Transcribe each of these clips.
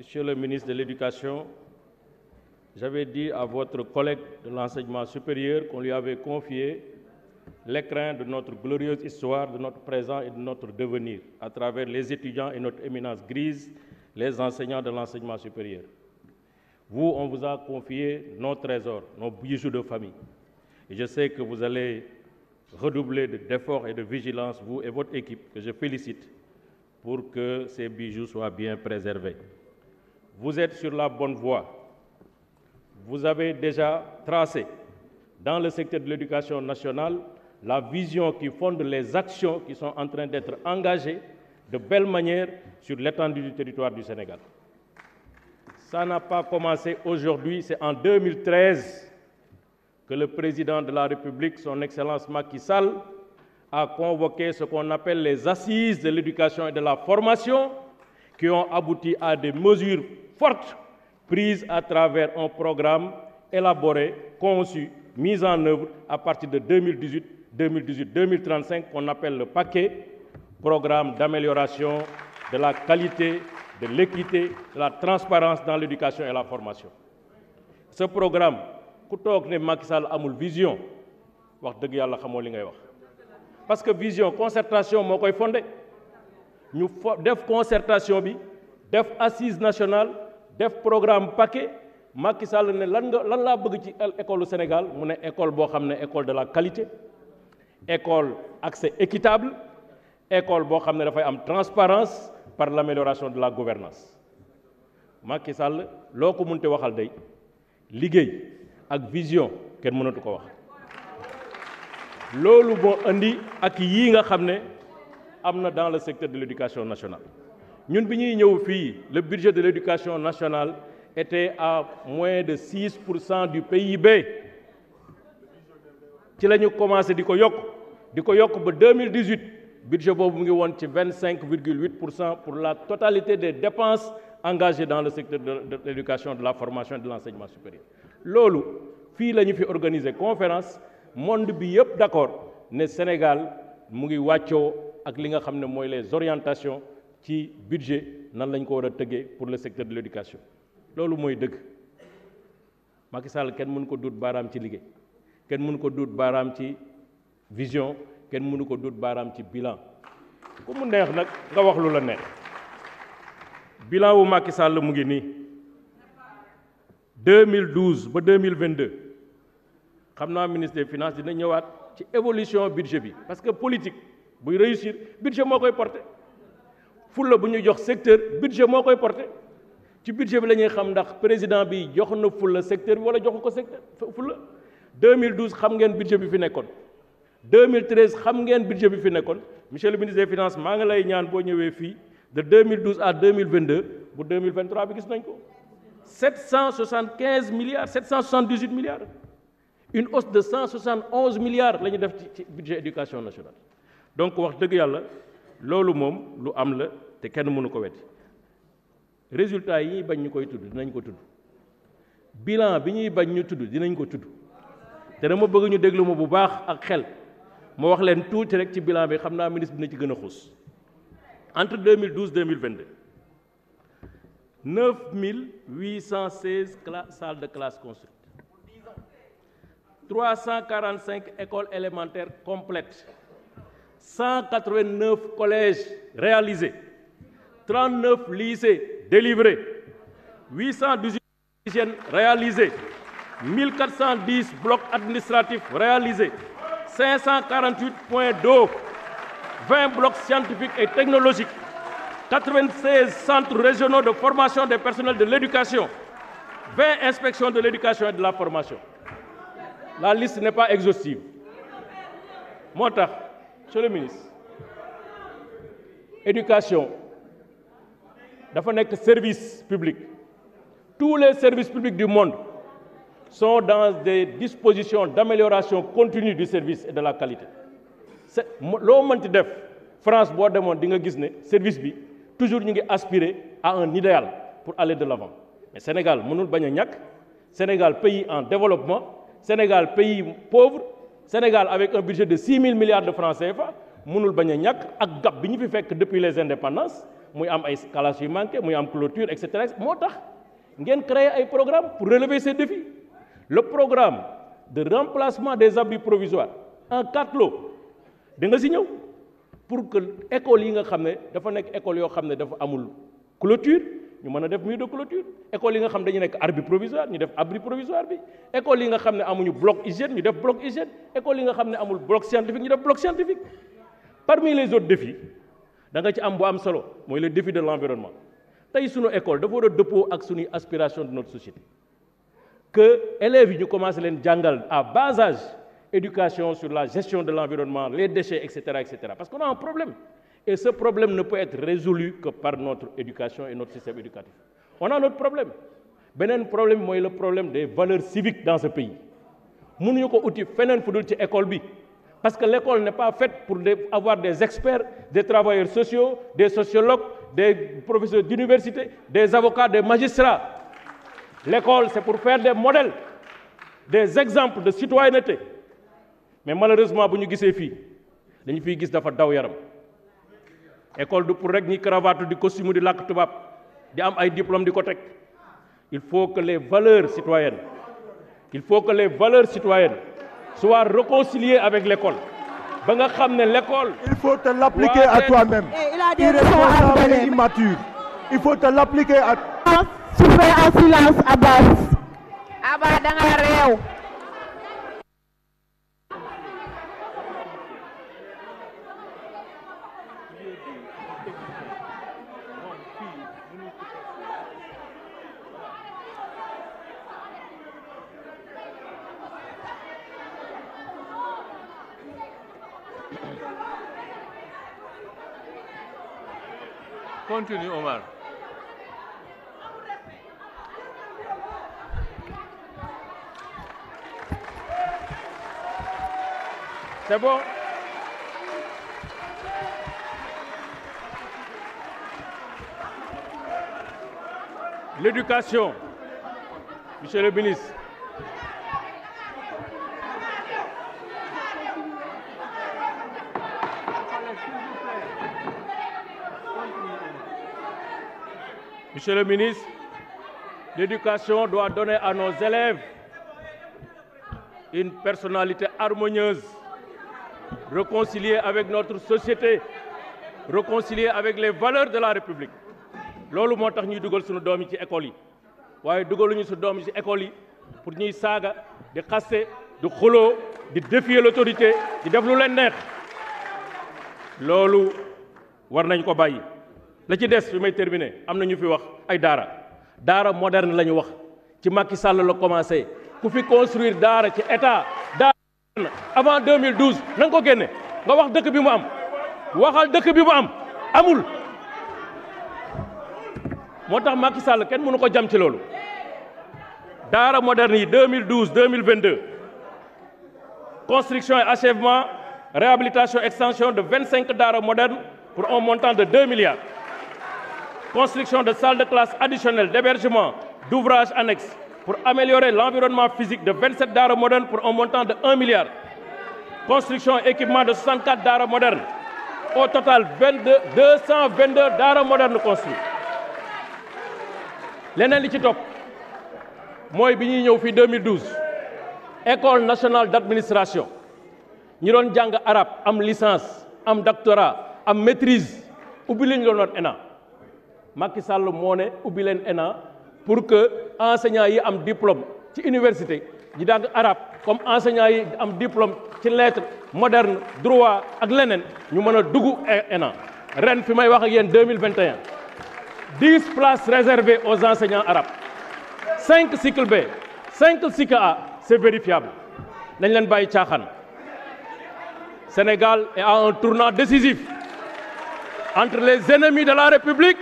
Monsieur le ministre de l'Éducation, j'avais dit à votre collègue de l'enseignement supérieur qu'on lui avait confié l'écran de notre glorieuse histoire, de notre présent et de notre devenir, à travers les étudiants et notre éminence grise, les enseignants de l'enseignement supérieur. Vous, on vous a confié nos trésors, nos bijoux de famille. Et je sais que vous allez redoubler d'efforts et de vigilance, vous et votre équipe, que je félicite, pour que ces bijoux soient bien préservés vous êtes sur la bonne voie. Vous avez déjà tracé dans le secteur de l'éducation nationale la vision qui fonde les actions qui sont en train d'être engagées de belle manière sur l'étendue du territoire du Sénégal. Ça n'a pas commencé aujourd'hui, c'est en 2013 que le président de la République, son Excellence Macky Sall, a convoqué ce qu'on appelle les assises de l'éducation et de la formation qui ont abouti à des mesures forte prise à travers un programme élaboré, conçu, mis en œuvre à partir de 2018, 2018, 2035 qu'on appelle le paquet programme d'amélioration de la qualité, de l'équité, de la transparence dans l'éducation et la formation. Ce programme, ku vision parce que vision concertation moo nous fondé ñu concertation bi def assise nationale def programme paquet Macky Sall ne lan nga lan bëgg ci école Sénégal mu ne école bo xamné école de la qualité école accès équitable école bo xamné da fay am transparence par l'amélioration de la gouvernance Macky Sall loo ko munte waxal day liggéey ak vision ken mënatu ko wax loolu bo andi ak yi nga xamné amna dans le secteur de l'éducation nationale le budget de l'éducation nationale était à moins de 6 du PIB ci lañu commencé di yok le yok 2018 budget bobu mu ngi 25,8% pour la totalité des dépenses engagées dans le secteur de l'éducation de la formation et de l'enseignement supérieur Lolu fi lañu fi organiser conférence monde bi d'accord ne Sénégal mu ngi waccio ak li les orientations ci budget nan lañ ko war a tëggee pour le secteur de l'éducation loolu mooy dëgg Macky Sall kenn mënu ko duut baaraam ci liggéey kenn mënu ko duut baaraam ci vision kenn mënu ko duut baaraam ci bilan ku mu neex nag nga wax lu la neex bilan wu Macky Sall mu ngi nii 2012 ba 2022 xam naa ministre des finances dina ñëwaat ci évolution budget bi parce que politique buy réussir budget moo koy porter fulla le ñu jox secteur budget moo koy porté ci budget bi lañuy xam ndax président bi jox na fulla secteur bi wala jox ko secteur 2012 xam ngeen budget bi fi 2013 xam ngeen budget bi fi monsieur le ministre des finances ma nga lay ñaan bo ñëwé de 2012 à 2022 bu 2023 bi gis nañ ko 775 milliards 778 milliards une hausse de 171 milliards lañu le def ci budget éducation nationale donc wax deug yalla loolu moom lu am la te kenn mënu ko weddi résultat yi ñuy bañ ñu koy tudd dinañ ko tudd bilan bi ñuy bañ ñu tudd dinañ ko tudd te dama bëgg ñu déglu ma bu baax ak xel ma wax leen tuuti rek ci bilan bi xam naa ministre dina ci gën a xuus entre 2012 2022 9816 classe, salles de classe construites 345 écoles élémentaires complètes 189 collèges réalisés, 39 lycées délivrés, 818 hygiènes réalisées, 1410 blocs administratifs réalisés, 548 points d'eau, 20 blocs scientifiques et technologiques, 96 centres régionaux de formation des personnels de l'éducation, 20 inspections de l'éducation et de la formation. La liste n'est pas exhaustive. Monta monsieur le ministre éducation dafa le service public tous les services publics du monde sont dans des dispositions d'amélioration continue du service et de la qualité L'homme France Bois de Monde, service B, toujours aspiré à un idéal pour aller de l'avant mais Sénégal mënul bagnac Sénégal pays en développement Sénégal pays pauvre Sénégal avec un budget de 6 000 milliards de francs CFA mënul bañ a ñàkk ak depuis les indépendances muy am ay calage yu manqué muy am clôture etc. cetera moo créé un programme pour relever ces défis le programme de remplacement des abris provisoires en quatre lots nga si pour que école yi nga ne dafa nekk école yoo clôture ñu mën a def mur de clôture école yi nga xam dañu nekk provisoire ñu def abri provisoire bi école yi nga xam amuñu bloc hygiène ñu def bloc hygiène école yi nga xam ne bloc scientifique ñu def bloc scientifique parmi les autres défis da nga ci am bu am solo mooy le défi de l'environnement tey suñu école dafa war a dëppoo ak suñuy aspiration de notre société que élèves yi ñu commencé leen jàngal à bas âge éducation sur la gestion de l'environnement les déchets etc. cetera parce qu'on a un problème et ce problème ne peut être résolu que par notre éducation et notre système éducatif. On a notre problème. un problème c'est le problème des valeurs civiques dans ce pays mënuñu ko uti fenen fu ci école bi parce que l'école n'est pas faite pour avoir des experts des travailleurs sociaux des sociologues des professeurs d'université des avocats des magistrats l'école c'est pour faire des modèles des exemples de citoyenneté mais malheureusement à ñu gisee fii dañu fiy gis dafa daw yaram école de pour rek ni cravate du costume di lac tubab di am ay diplôme di ko il faut que les valeurs citoyennes il faut que les valeurs citoyennes soient réconciliées avec l'école ba nga xamné l'école il faut te l'appliquer à toi-même il irresponsable et immature il faut te l'appliquer à fais en silence Abbas Abbas da nga rew Continue, Omar. C'est bon L'éducation, monsieur le ministre. Monsieur le ministre, l'éducation doit donner à nos élèves une personnalité harmonieuse, réconciliée avec notre société, réconciliée avec les valeurs de la République. Lolo qui tax ñuy dugal suñu doomi ci école yi suñu ci école yi pour ñuy saga di xasse di xuloo di défier l'autorité di def lu leen neex lolu war nañ ko la ci vais bi may terminer amna ñu fi wax ay daara daara moderne la wax ci Macky Sall la commencé ku fi construire daara ci état avant 2012 na nga ko pas nga wax dëkk bi mu am waxal dëkk bi mu am amul motax Macky Sall mënu ko jam ci daara moderne 2012 2022 construction et achèvement réhabilitation extension de 25 daara modernes pour un montant de 2 milliards construction de salles de classe additionnelles d'hébergement d'ouvrages annexes pour améliorer l'environnement physique de 27 daara modernes pour un montant de 1 milliard. Construction et équipement de 64 daara modernes. Au total, 222 daara modernes construits. L'année li ci Moi, mooy 2012 école nationale d'administration ñi doon en arabe am licence am doctorat am maîtrise ubbi li Macky Sall pour que enseignants yi am diplôme ci université di les arabe comme enseignants yi am diplôme ci lettre moderne droit ak lenen ñu mëna dugg e ENA ren fi may wax ak 2021 10 places réservées aux enseignants arabes 5 cycles B 5 cycles A c'est vérifiable nañ len baye caaxaan Sénégal est à un tournant décisif entre les ennemis de la République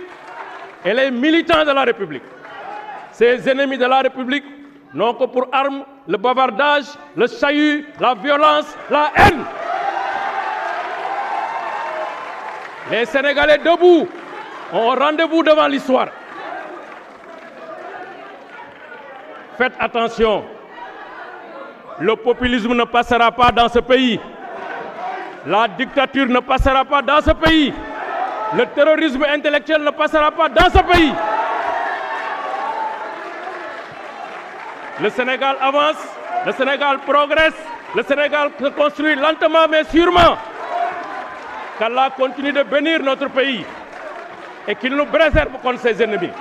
et les militants de la République. Ces ennemis de la République n'ont que pour armes le bavardage, le chahut, la violence, la haine. Les Sénégalais debout ont rendez-vous devant l'histoire. Faites attention, le populisme ne passera pas dans ce pays. La dictature ne passera pas dans ce pays. Le terrorisme intellectuel ne passera pas dans ce pays. Le Sénégal avance, le Sénégal progresse, le Sénégal se construit lentement mais sûrement. Qu'Allah continue de bénir notre pays et qu'il nous préserve contre ses ennemis.